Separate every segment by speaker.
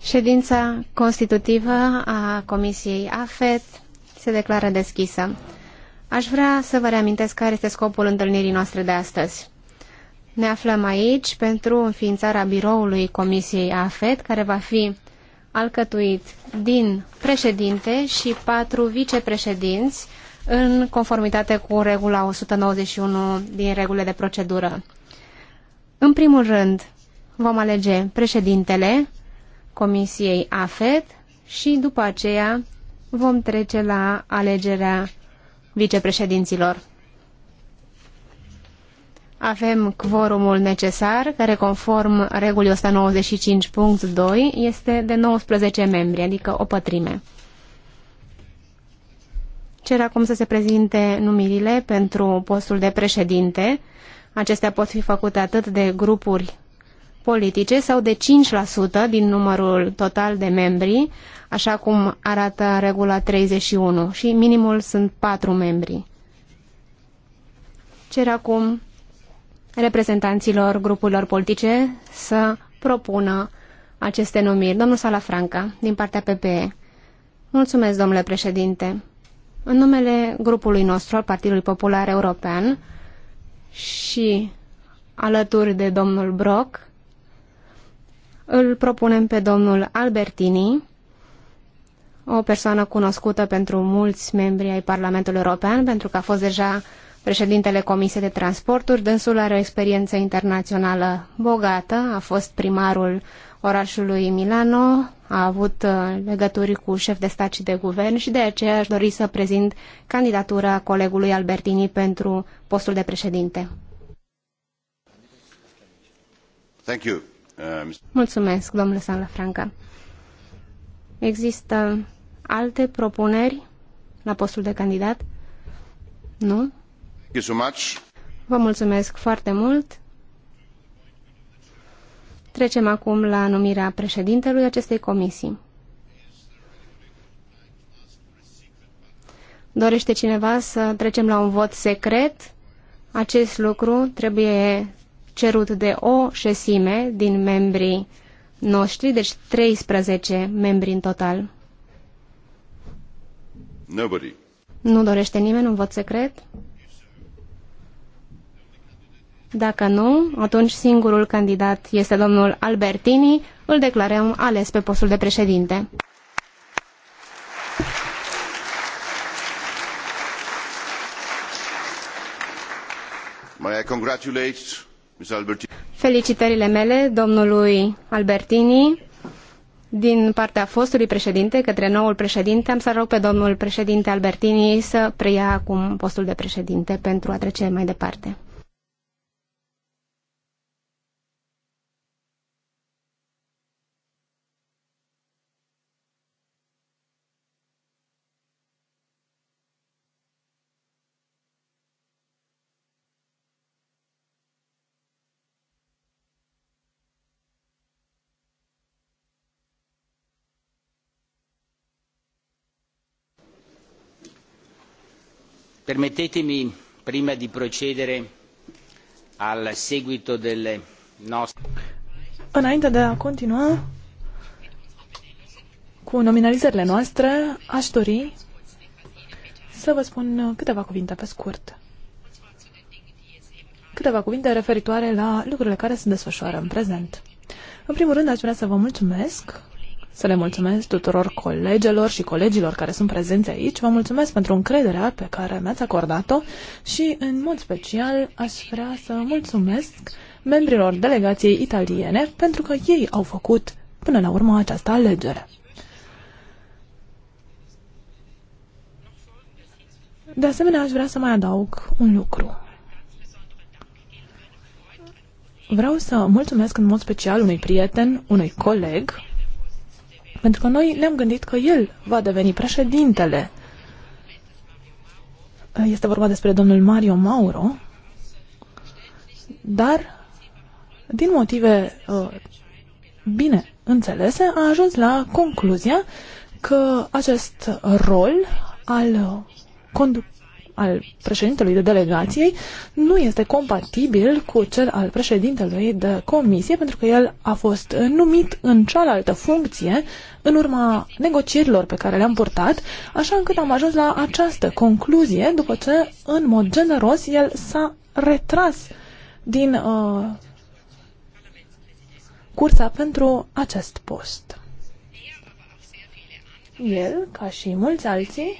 Speaker 1: Ședința constitutivă a Comisiei AFET se declară deschisă. Aș vrea să vă reamintesc care este scopul întâlnirii noastre de astăzi. Ne aflăm aici pentru înființarea biroului Comisiei AFET, care va fi alcătuit din președinte și patru vicepreședinți în conformitate cu regula 191 din regulile de procedură. În primul rând, vom alege președintele Comisiei AFET și după aceea vom trece la alegerea vicepreședinților. Avem quorumul necesar, care conform regulii 195.2 este de 19 membri, adică o pătrime. Cer acum să se prezinte numirile pentru postul de președinte. Acestea pot fi făcute atât de grupuri politice sau de 5% din numărul total de membri, așa cum arată regula 31 și minimul sunt 4 membri. Cer acum reprezentanților grupurilor politice să propună aceste numiri. Domnul Salafranca, din partea PPE. Mulțumesc, domnule președinte. În numele grupului nostru, al Partidului Popular European și alături de domnul Brock, îl propunem pe domnul Albertini, o persoană cunoscută pentru mulți membri ai Parlamentului European, pentru că a fost deja președintele Comisiei de Transporturi. Dânsul are o experiență internațională bogată, a fost primarul orașului Milano, a avut uh, legături cu șef de stat și de guvern și de aceea aș dori să prezint candidatura colegului Albertini pentru postul de președinte. Thank you. Mulțumesc, domnule Sagna-Franca. Există alte propuneri la postul de candidat? Nu? Vă mulțumesc foarte mult. Trecem acum la numirea președintelui acestei comisii. Dorește cineva să trecem la un vot secret? Acest lucru trebuie cerut de o șesime din membrii noștri, deci 13 membri în total. Nobody. Nu dorește nimeni un vot secret? Dacă nu, atunci singurul candidat este domnul Albertini, îl declarăm ales pe postul de președinte.
Speaker 2: May I congratulate
Speaker 1: Felicitările mele domnului Albertini din partea fostului președinte către noul președinte. Am să rog pe domnul președinte Albertini să preia acum postul de președinte pentru a trece mai departe.
Speaker 2: permettetemi prima di procedere al seguito delle nostre
Speaker 3: Înainte de a continua cu nominalizările noastre, aș dori să vă spun câteva cuvinte pe scurt. Câteva cuvinte referitoare la lucrurile care se desfășoară în prezent. În primul rând, aș vrea să vă mulțumesc să le mulțumesc tuturor colegelor și colegilor care sunt prezenți aici. Vă mulțumesc pentru încrederea pe care mi-ați acordat-o și, în mod special, aș vrea să mulțumesc membrilor delegației italiene pentru că ei au făcut până la urmă această alegere. De asemenea, aș vrea să mai adaug un lucru. Vreau să mulțumesc în mod special unui prieten, unui coleg, pentru că noi ne-am gândit că el va deveni președintele. Este vorba despre domnul Mario Mauro, dar din motive uh, bine înțelese, a ajuns la concluzia că acest rol al conduc al președintelui de delegației nu este compatibil cu cel al președintelui de comisie, pentru că el a fost numit în cealaltă funcție în urma negocierilor pe care le-am purtat, așa încât am ajuns la această concluzie după ce, în mod generos, el s-a retras din uh, cursa pentru acest post. El, ca și mulți alții,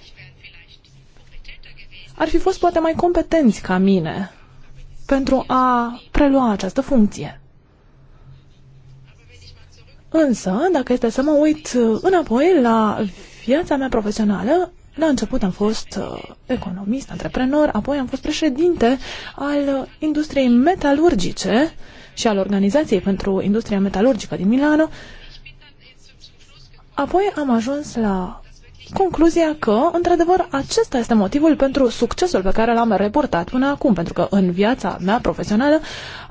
Speaker 3: ar fi fost poate mai competenți ca mine pentru a prelua această funcție. Însă, dacă este să mă uit înapoi la viața mea profesională, la început am fost uh, economist, antreprenor, apoi am fost președinte al industriei metalurgice și al Organizației pentru Industria Metalurgică din Milano. Apoi am ajuns la concluzia că, într-adevăr, acesta este motivul pentru succesul pe care l-am reportat până acum, pentru că în viața mea profesională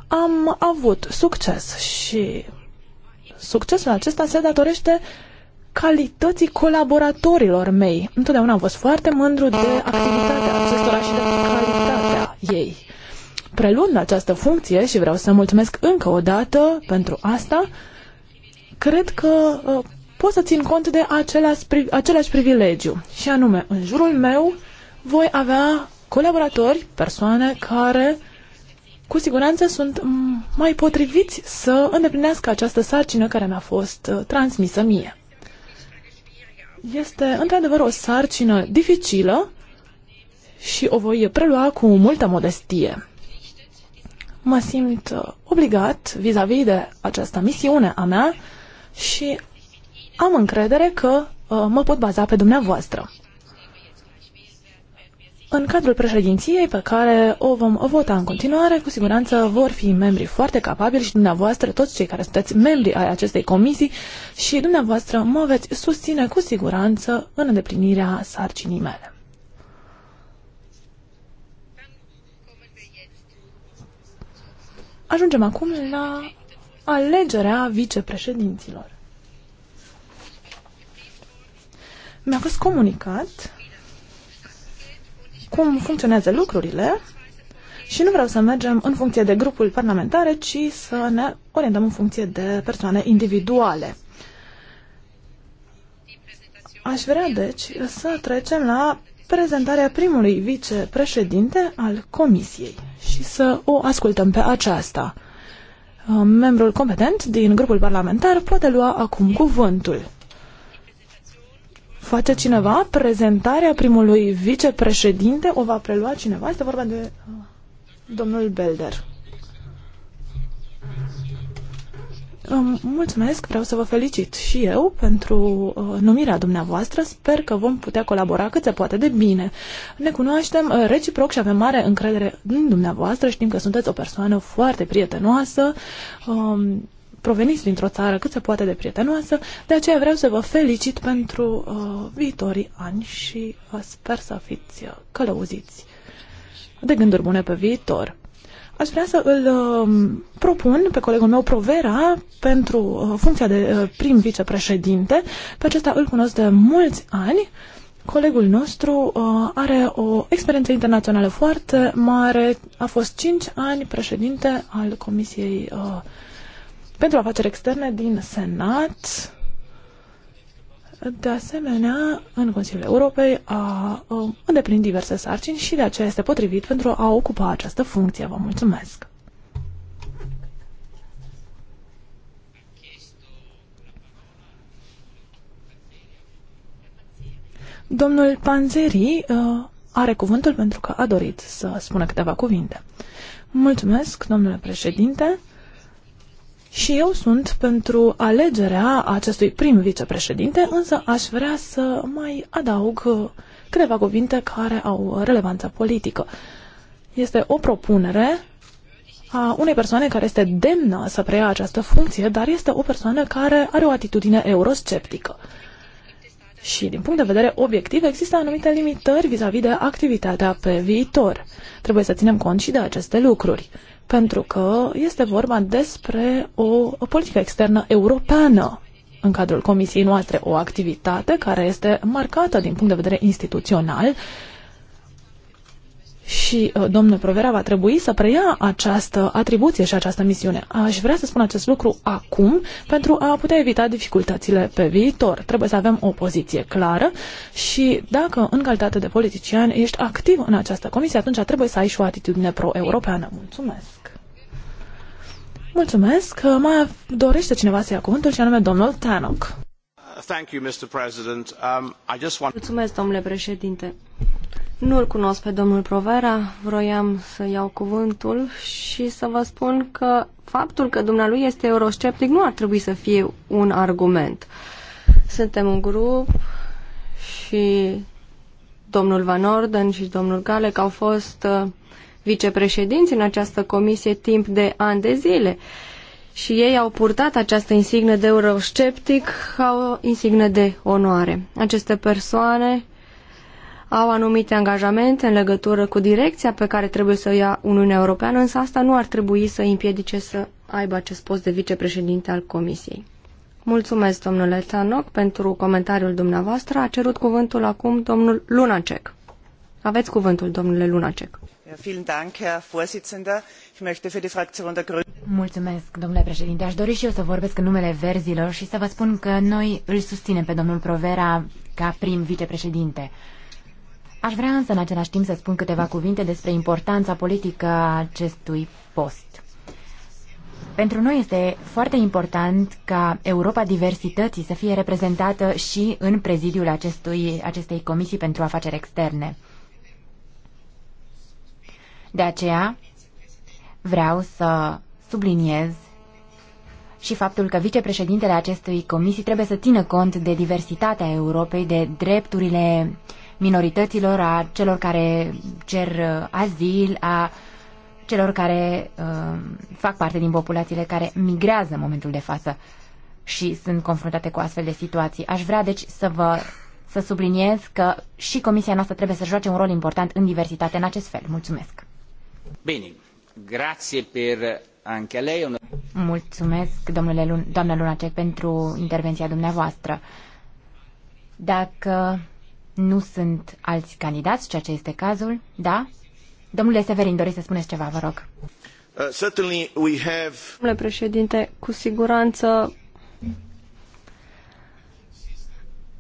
Speaker 3: am avut succes și succesul acesta se datorește calității colaboratorilor mei. Întotdeauna am fost foarte mândru de activitatea acestora și de calitatea ei. Preluând această funcție și vreau să mulțumesc încă o dată pentru asta, cred că uh, pot să țin cont de același, același privilegiu. Și anume, în jurul meu voi avea colaboratori, persoane care cu siguranță sunt mai potriviți să îndeplinească această sarcină care mi-a fost uh, transmisă mie. Este într-adevăr o sarcină dificilă și o voi prelua cu multă modestie. Mă simt uh, obligat vis-a-vis -vis de această misiune a mea și am încredere că uh, mă pot baza pe dumneavoastră. În cadrul președinției pe care o vom vota în continuare, cu siguranță vor fi membri foarte capabili și dumneavoastră, toți cei care sunteți membri ai acestei comisii și dumneavoastră mă veți susține cu siguranță în îndeplinirea sarcinii mele. Ajungem acum la alegerea vicepreședinților. mi-a fost comunicat cum funcționează lucrurile și nu vreau să mergem în funcție de grupul parlamentare, ci să ne orientăm în funcție de persoane individuale. Aș vrea, deci, să trecem la prezentarea primului vicepreședinte al Comisiei și să o ascultăm pe aceasta. Membrul competent din grupul parlamentar poate lua acum cuvântul face cineva prezentarea primului vicepreședinte, o va prelua cineva. Este vorba de uh, domnul Belder. Mulțumesc, vreau să vă felicit și eu pentru uh, numirea dumneavoastră. Sper că vom putea colabora cât se poate de bine. Ne cunoaștem uh, reciproc și avem mare încredere în dumneavoastră. Știm că sunteți o persoană foarte prietenoasă. Uh, proveniți dintr-o țară cât se poate de prietenoasă, de aceea vreau să vă felicit pentru uh, viitorii ani și uh, sper să fiți uh, călăuziți de gânduri bune pe viitor. Aș vrea să îl um, propun pe colegul meu Provera pentru uh, funcția de uh, prim vicepreședinte. Pe acesta îl cunosc de mulți ani. Colegul nostru uh, are o experiență internațională foarte mare. A fost 5 ani președinte al Comisiei pentru afaceri externe din Senat. De asemenea, în Consiliul Europei a îndeplinit diverse sarcini și de aceea este potrivit pentru a ocupa această funcție. Vă mulțumesc! Domnul Panzeri uh, are cuvântul pentru că a dorit să spună câteva cuvinte. Mulțumesc, domnule președinte. Și eu sunt pentru alegerea acestui prim vicepreședinte, însă aș vrea să mai adaug uh, câteva cuvinte care au relevanță politică. Este o propunere a unei persoane care este demnă să preia această funcție, dar este o persoană care are o atitudine eurosceptică. Și din punct de vedere obiectiv există anumite limitări vis-a-vis -vis de activitatea pe viitor. Trebuie să ținem cont și de aceste lucruri, pentru că este vorba despre o, o politică externă europeană în cadrul comisiei noastre, o activitate care este marcată din punct de vedere instituțional și uh, domnul Provera va trebui să preia această atribuție și această misiune. Aș vrea să spun acest lucru acum pentru a putea evita dificultățile pe viitor. Trebuie să avem o poziție clară și dacă în calitate de politician ești activ în această comisie, atunci trebuie să ai și o atitudine pro-europeană. Mulțumesc! Mulțumesc! Mai dorește cineva să ia cuvântul și anume domnul Tanok.
Speaker 4: Um, Mulțumesc,
Speaker 3: domnule președinte nu-l cunosc pe domnul Provera,
Speaker 4: vroiam să iau cuvântul și să vă spun că faptul că dumnealui este eurosceptic nu ar trebui să fie un argument. Suntem un grup și domnul Van Orden și domnul Galec au fost uh, vicepreședinți în această comisie timp de ani de zile. Și ei au purtat această insignă de eurosceptic ca o insignă de onoare. Aceste persoane au anumite angajamente în legătură cu direcția pe care trebuie să o ia Uniunea Europeană, însă asta nu ar trebui să împiedice să aibă acest post de vicepreședinte al Comisiei. Mulțumesc, domnule Tanoc, pentru comentariul dumneavoastră. A cerut cuvântul acum domnul Lunacek. Aveți cuvântul, domnule Lunacek.
Speaker 5: Mulțumesc,
Speaker 3: domnule președinte.
Speaker 5: Aș dori și eu să vorbesc în numele verzilor și să vă spun că noi îl susținem pe domnul Provera ca prim vicepreședinte. Aș vrea însă în același timp să spun câteva cuvinte despre importanța politică a acestui post. Pentru noi este foarte important ca Europa Diversității să fie reprezentată și în prezidiul acestui, acestei comisii pentru afaceri externe. De aceea vreau să subliniez și faptul că vicepreședintele acestui comisii trebuie să țină cont de diversitatea Europei, de drepturile uh, minorităților, a celor care cer uh, azil, a celor care uh, fac parte din populațiile care migrează în momentul de față și sunt confruntate cu astfel de situații. Aș vrea deci să vă să subliniez că și comisia noastră trebuie să joace un rol important în diversitate în acest fel. Mulțumesc.
Speaker 2: Bine. grație per uh, anche lei.
Speaker 5: Mulțumesc, domnule Lun doamnă Lunacek, pentru intervenția dumneavoastră. Dacă nu sunt alți candidați, ceea ce este cazul, da? Domnule Severin, doriți să spuneți ceva, vă rog.
Speaker 4: Uh, have...
Speaker 5: Domnule președinte,
Speaker 4: cu siguranță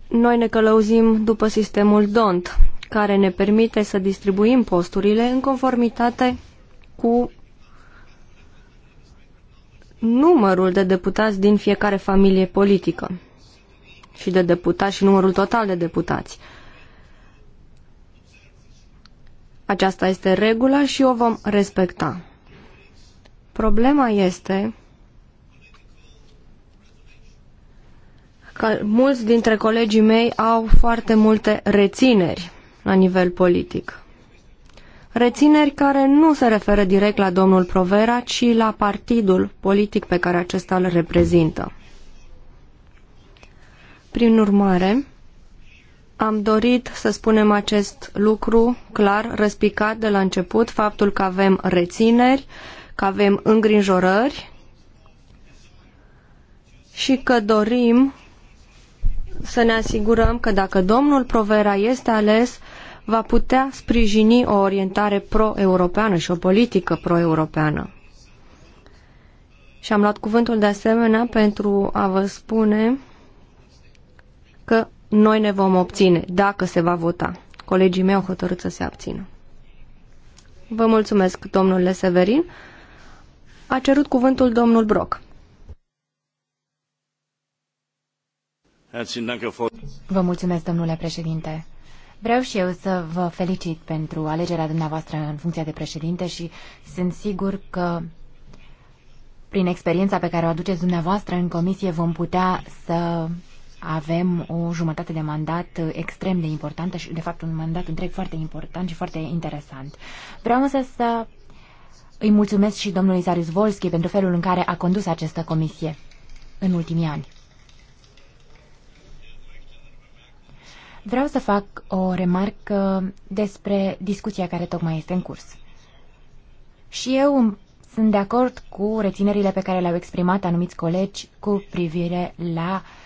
Speaker 4: noi ne călăuzim după sistemul DONT, care ne permite să distribuim posturile în conformitate cu numărul de deputați din fiecare familie politică și de deputați și numărul total de deputați. Uh, Aceasta este regula și o vom respecta. Problema este că mulți dintre colegii mei au foarte multe rețineri la nivel politic. Rețineri care nu se referă direct la domnul Provera, ci la partidul politic pe care acesta îl reprezintă. Prin urmare, am dorit să spunem acest lucru clar, răspicat de la început, faptul că avem rețineri, că avem îngrijorări și că dorim să ne asigurăm că dacă domnul Provera este ales, va putea sprijini o orientare pro-europeană și o politică pro-europeană. Și am luat cuvântul de asemenea pentru a vă spune că noi ne vom obține dacă se va vota. Colegii mei au hotărât să se abțină. Vă mulțumesc, domnule Severin. A cerut cuvântul domnul Broc.
Speaker 5: Vă mulțumesc, domnule președinte. Vreau și eu să vă felicit pentru alegerea dumneavoastră în funcția de președinte și sunt sigur că prin experiența pe care o aduceți dumneavoastră în comisie vom putea să avem o jumătate de mandat extrem de importantă și, de fapt, un mandat întreg foarte important și foarte interesant. Vreau însă să îi mulțumesc și domnului Zarius Volski pentru felul în care a condus această comisie în ultimii ani. Vreau să fac o remarcă despre discuția care tocmai este în curs. Și eu sunt de acord cu reținerile pe care le-au exprimat anumiți colegi cu privire la uh,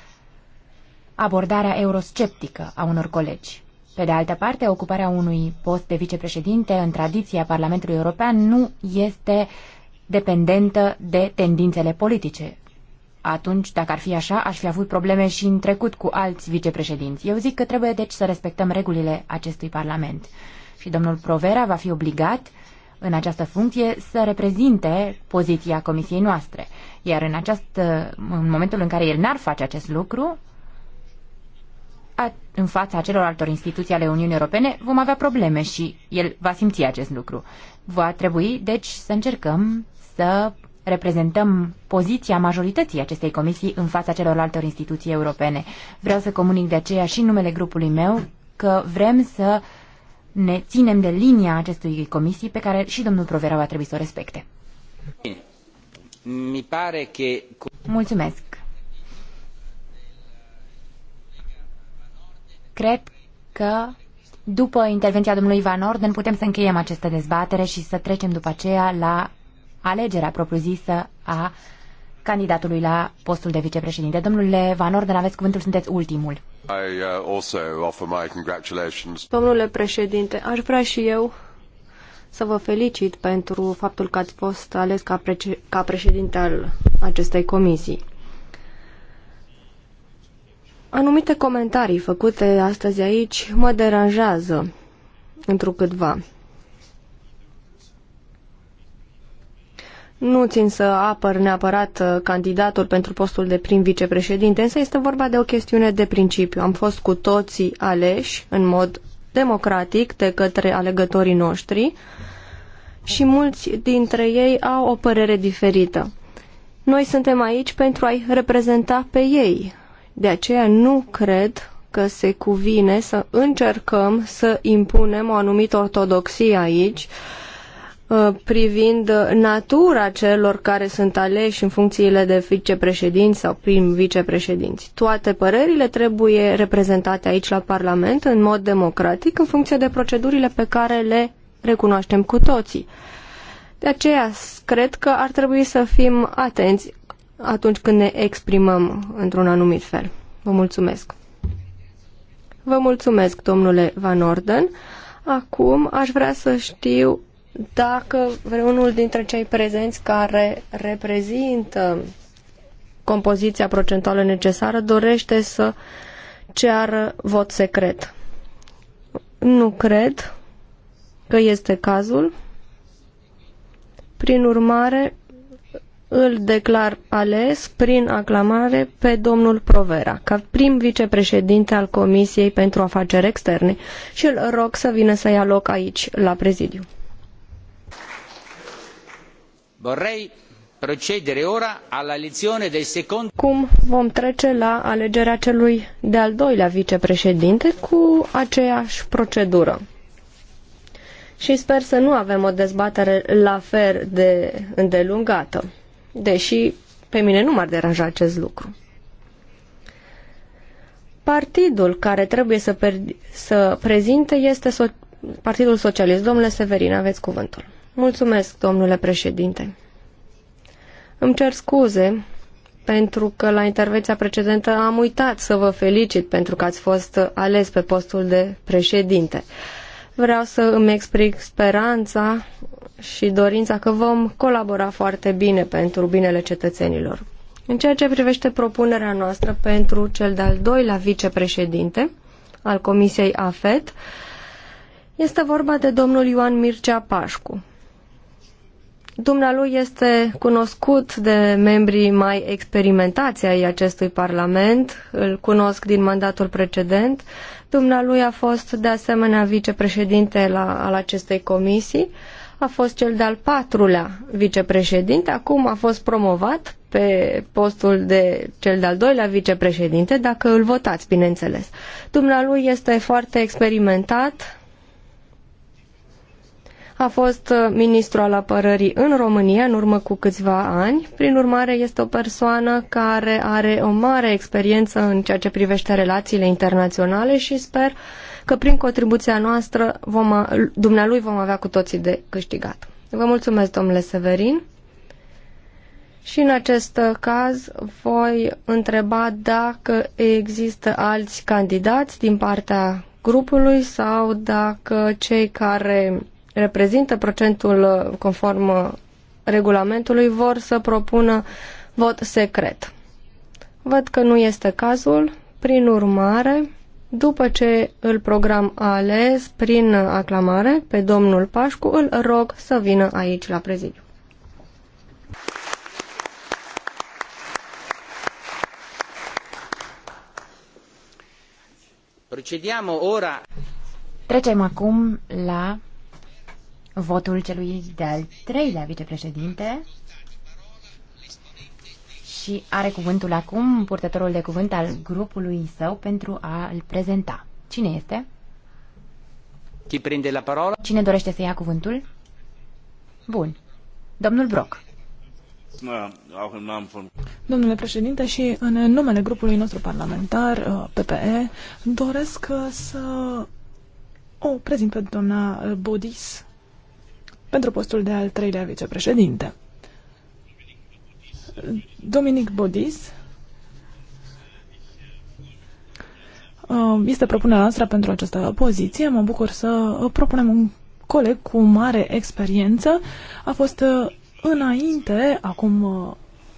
Speaker 5: abordarea eurosceptică a unor colegi. Pe de altă parte, ocuparea unui post de vicepreședinte în tradiția Parlamentului European nu este dependentă de tendințele politice. Atunci, dacă ar fi așa, aș fi avut probleme și în trecut cu alți vicepreședinți. Eu zic că trebuie deci să respectăm regulile acestui Parlament. Și domnul Provera va fi obligat în această funcție să reprezinte poziția comisiei noastre. Iar în, acest, în momentul în care el n-ar face acest lucru, în fața celorlaltor instituții ale Uniunii Europene, vom avea probleme și el va simți acest lucru. Va trebui, deci, să încercăm să reprezentăm poziția majorității acestei comisii în fața celorlaltor instituții europene. Vreau să comunic de aceea și în numele grupului meu că vrem să ne ținem de linia acestui comisii pe care și domnul Provera va trebui să o respecte. Mulțumesc. Cred că după intervenția domnului Van Orden putem să încheiem această dezbatere și să trecem după aceea la alegerea propriu-zisă a candidatului la postul de vicepreședinte. Domnule Van Orden, aveți cuvântul, sunteți ultimul. I,
Speaker 2: uh, also offer my congratulations.
Speaker 5: Domnule președinte, aș vrea și eu să
Speaker 4: vă felicit pentru faptul că ați fost ales ca, pre- ca președinte al acestei comisii. Anumite comentarii făcute astăzi aici mă deranjează câtva. Nu țin să apăr neapărat uh, candidatul pentru postul de prim vicepreședinte, însă este vorba de o chestiune de principiu. Am fost cu toții aleși în mod democratic de către alegătorii noștri și mulți dintre ei au o părere diferită. Noi suntem aici pentru a-i reprezenta pe ei, de aceea nu cred că se cuvine să încercăm să impunem o anumită ortodoxie aici uh, privind natura celor care sunt aleși în funcțiile de vicepreședinți sau prim vicepreședinți. Toate părerile trebuie reprezentate aici la Parlament în mod democratic în funcție de procedurile pe care le recunoaștem cu toții. De aceea, cred că ar trebui să fim atenți atunci când ne exprimăm într-un anumit fel. Vă mulțumesc! Vă mulțumesc, domnule Van Orden. Acum aș vrea să știu dacă vreunul dintre cei prezenți care reprezintă compoziția procentuală necesară dorește să ceară vot secret. Nu cred că este cazul. Prin urmare, îl declar ales prin aclamare pe domnul Provera, ca prim vicepreședinte al Comisiei pentru Afaceri Externe și îl rog să vină să ia loc aici, la prezidiu.
Speaker 2: Vorrei procedere ora alla lezione del secondo...
Speaker 4: Cum vom trece la alegerea celui de-al doilea vicepreședinte cu aceeași procedură și sper să nu avem o dezbatere la fel de îndelungată deși pe mine nu m-ar deranja acest lucru. Partidul care trebuie să, să prezinte este so- Partidul Socialist. Domnule Severin, aveți cuvântul. Mulțumesc, domnule președinte. Îmi cer scuze pentru că la intervenția precedentă am uitat să vă felicit pentru că ați fost ales pe postul de președinte. Vreau să îmi explic speranța și dorința că vom colabora foarte bine pentru binele cetățenilor. În ceea ce privește propunerea noastră pentru cel de-al doilea vicepreședinte al Comisiei AFET, este vorba de domnul Ioan Mircea Pașcu. Dumnealui este cunoscut de membrii mai experimentați ai acestui Parlament, îl cunosc din mandatul precedent. Dumnealui a fost de asemenea vicepreședinte la, al acestei comisii. Uh, a fost cel de-al patrulea vicepreședinte, acum a fost promovat pe postul de cel de-al doilea vicepreședinte, dacă îl votați, bineînțeles. Dumnealui este foarte experimentat, a fost uh, ministru al apărării în România în urmă cu câțiva ani, prin urmare este o persoană care are o mare experiență în ceea ce privește relațiile internaționale și sper că prin contribuția noastră vom, dumnealui vom avea cu toții de câștigat. Vă mulțumesc, domnule Severin. Și în acest caz voi întreba dacă există alți candidați din partea grupului sau dacă cei care reprezintă procentul conform regulamentului vor să propună vot secret. Văd că nu este cazul, prin urmare după ce îl program ales prin aclamare pe domnul Pașcu, îl rog să vină aici la prezidiu.
Speaker 2: Procediamo ora.
Speaker 5: Trecem acum la votul celui de-al treilea vicepreședinte și are cuvântul acum purtătorul de cuvânt al grupului său pentru a-l prezenta. Cine este?
Speaker 2: Chi prinde la parola? Cine
Speaker 5: dorește să ia cuvântul?
Speaker 3: Bun. Domnul Broc. Domnule președinte, și în numele grupului nostru parlamentar, uh, PPE, doresc uh, să o prezint pe doamna Bodis pentru postul de al treilea vicepreședinte. Dominic Bodis uh, este propunerea noastră pentru această poziție. Mă bucur să uh, propunem un coleg cu mare experiență. A fost uh, înainte, acum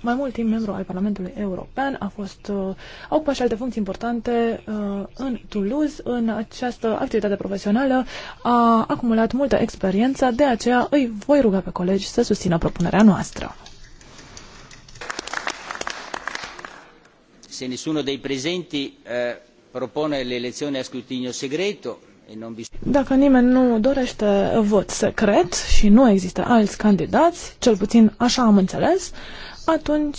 Speaker 3: mai mult timp membru al Parlamentului European, a fost, a ocupat și alte funcții importante în Toulouse. În această activitate profesională a acumulat multă experiență, de aceea îi voi ruga pe colegi să susțină propunerea noastră.
Speaker 2: se nessuno dei presenti eh, propone l'elezione a scrutinio segreto e non
Speaker 3: Dacă nimeni nu dorește vot secret și nu există alți candidați, cel puțin așa am înțeles, atunci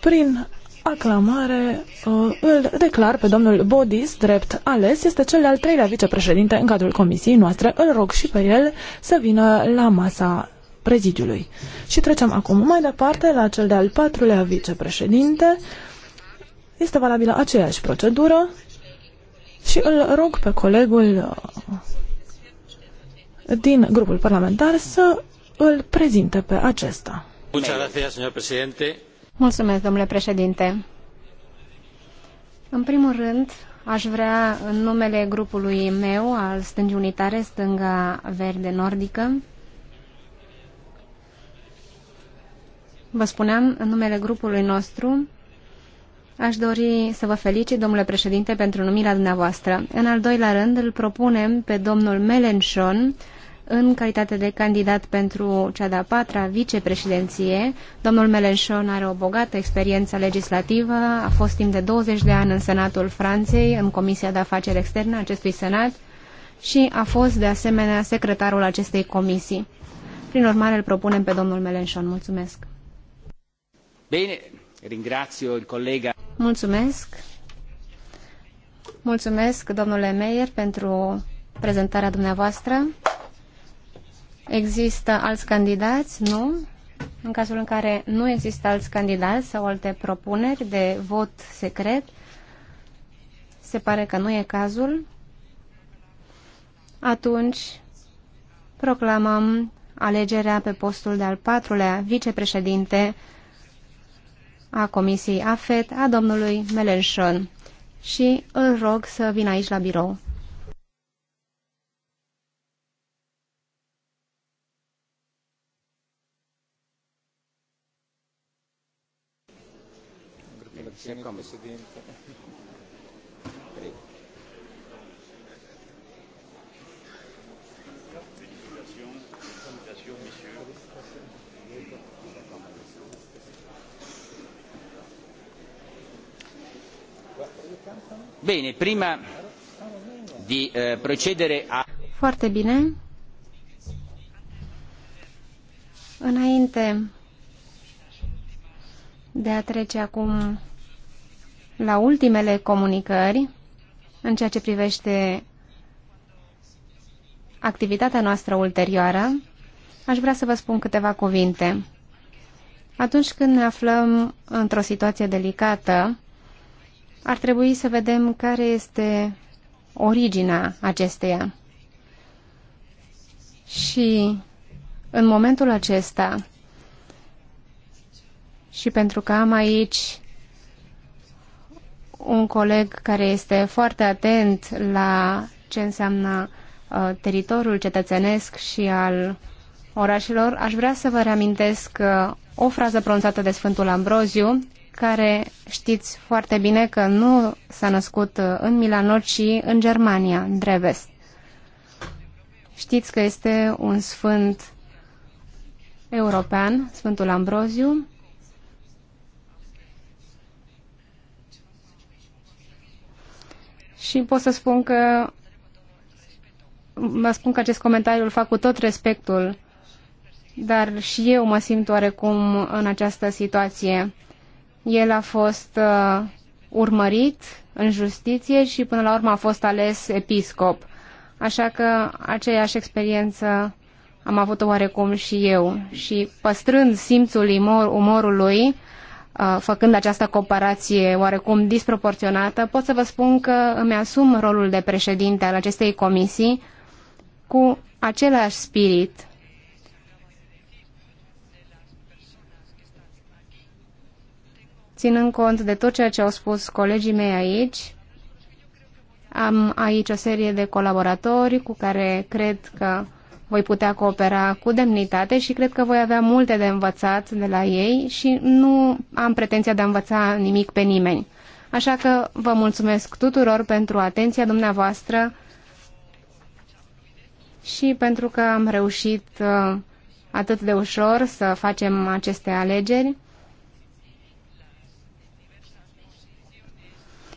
Speaker 3: prin aclamare eh, îl declar pe domnul Bodis drept ales. Este cel de-al treilea vicepreședinte în cadrul comisiei noastre. Îl rog și pe el să vină la masa prezidiului. Și trecem acum mai departe la cel de-al patrulea vicepreședinte. Este valabilă aceeași procedură și îl rog pe colegul uh, din grupul parlamentar să îl prezinte pe acesta. Mulțumesc, domnule președinte.
Speaker 1: În primul rând, aș vrea, în numele grupului meu, al Stângii Unitare, Stânga Verde Nordică, Vă spuneam, în numele grupului nostru, Aș dori să vă felicit, domnule președinte, pentru numirea dumneavoastră. În al doilea rând, îl propunem pe domnul Melenchon în calitate de candidat pentru cea de-a patra vicepreședinție. Domnul Melenchon are o bogată experiență legislativă, a fost timp de 20 de ani în Senatul Franței, în Comisia de Afaceri Externe a acestui Senat și a fost de asemenea secretarul acestei comisii. Prin urmare, îl propunem pe domnul Melenchon. Mulțumesc! Bine, Mulțumesc. Mulțumesc, domnule Meyer, pentru prezentarea dumneavoastră. Există alți candidați? Nu? În cazul în care nu există alți candidați sau alte propuneri de vot secret, se pare că nu e cazul, atunci proclamăm alegerea pe postul de al patrulea vicepreședinte a Comisiei AFET, a domnului Melenchon și îl rog să vină aici la birou.
Speaker 2: Bine, prima eh, procedere
Speaker 1: Foarte bine. Înainte de a trece acum la ultimele comunicări în ceea ce privește activitatea noastră ulterioară, aș vrea să vă spun câteva cuvinte. Atunci când ne aflăm într-o situație delicată, ar trebui să vedem care este originea acesteia. Și în momentul acesta, și pentru că am aici un coleg care este foarte atent la ce înseamnă uh, teritoriul cetățenesc și al orașelor, aș vrea să vă reamintesc uh, o frază pronunțată de Sfântul Ambroziu, care știți foarte bine că nu s-a născut uh, în Milano, ci în Germania, în Dreves. Știți că este un sfânt european, Sfântul Ambroziu, Și pot să spun că vă spun că acest comentariu îl fac cu tot respectul, dar și eu mă simt oarecum în această situație. El a fost uh, urmărit în justiție și până la urmă a fost ales episcop. Așa că aceeași experiență am avut oarecum și eu. Și păstrând simțul umor, umorului, uh, făcând această comparație oarecum disproporționată, pot să vă spun că îmi asum rolul de președinte al acestei comisii cu același spirit Ținând cont de tot ceea ce au spus colegii mei aici, am aici o serie de colaboratori cu care cred că voi putea coopera cu demnitate și cred că voi avea multe de învățat de la ei și nu am pretenția de a învăța nimic pe nimeni. Așa că vă mulțumesc tuturor pentru atenția dumneavoastră și pentru că am reușit uh, atât de ușor să facem aceste alegeri.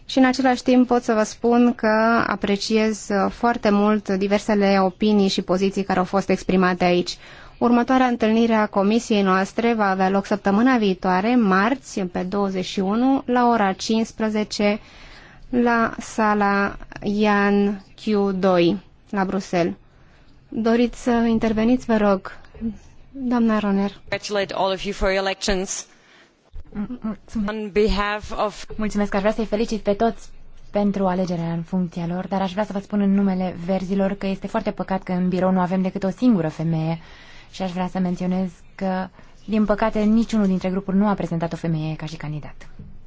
Speaker 1: Și în același timp pot să vă spun că apreciez uh, foarte mult diversele opinii și poziții care au fost exprimate aici. Următoarea întâlnire a comisiei noastre va avea loc săptămâna viitoare, marți, pe 21, la ora 15, la sala Ian Q2, la Bruxelles. Doriți să interveniți, vă rog, doamna Roner.
Speaker 5: Congratulate all of you for your elections. Mulțumesc, aș vrea să-i felicit pe toți pentru alegerea în funcția lor, dar aș vrea să vă spun în numele verzilor că este foarte păcat că în birou nu avem decât o singură femeie și aș vrea să menționez că, din păcate, niciunul dintre grupuri nu a prezentat o femeie ca și candidat.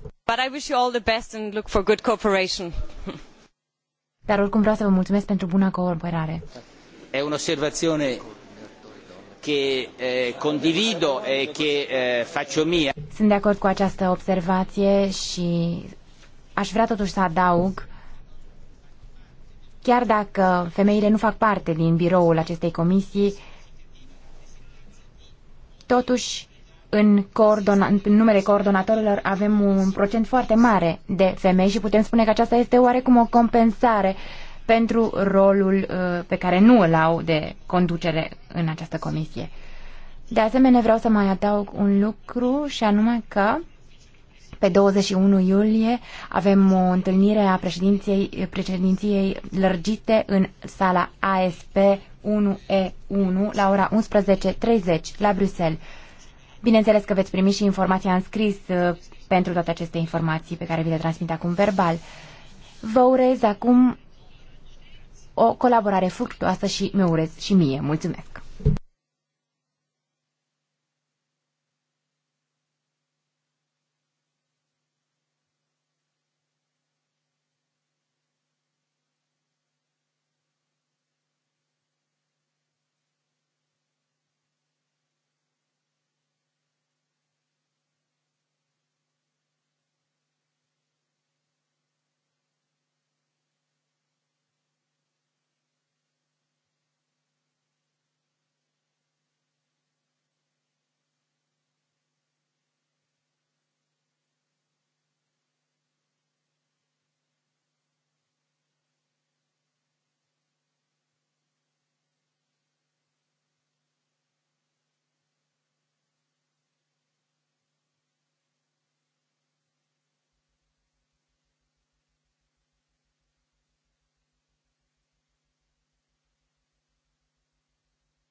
Speaker 4: But I wish you all the best and look for good cooperation.
Speaker 5: Dar oricum vreau să vă mulțumesc pentru buna cooperare.
Speaker 2: E observație che eh, condivido e che eh, faccio mia.
Speaker 5: Sunt de acord cu această observație și aș vrea totuși să adaug chiar dacă femeile nu fac parte din biroul acestei comisii, totuși în, coordona, în numele coordonatorilor avem un procent foarte mare de femei și putem spune că aceasta este oarecum o compensare uh, pentru rolul uh, pe care nu îl au de conducere în această comisie. De asemenea, vreau să mai adaug un lucru și anume că pe 21 iulie avem o întâlnire a președinției, președinției lărgite în sala ASP 1E1 la ora 11.30 la Bruxelles. Bineînțeles că veți primi și informația în scris uh, pentru toate aceste informații pe care vi le transmit acum verbal. Vă urez acum o colaborare fructuoasă și mă urez și mie. Mulțumesc!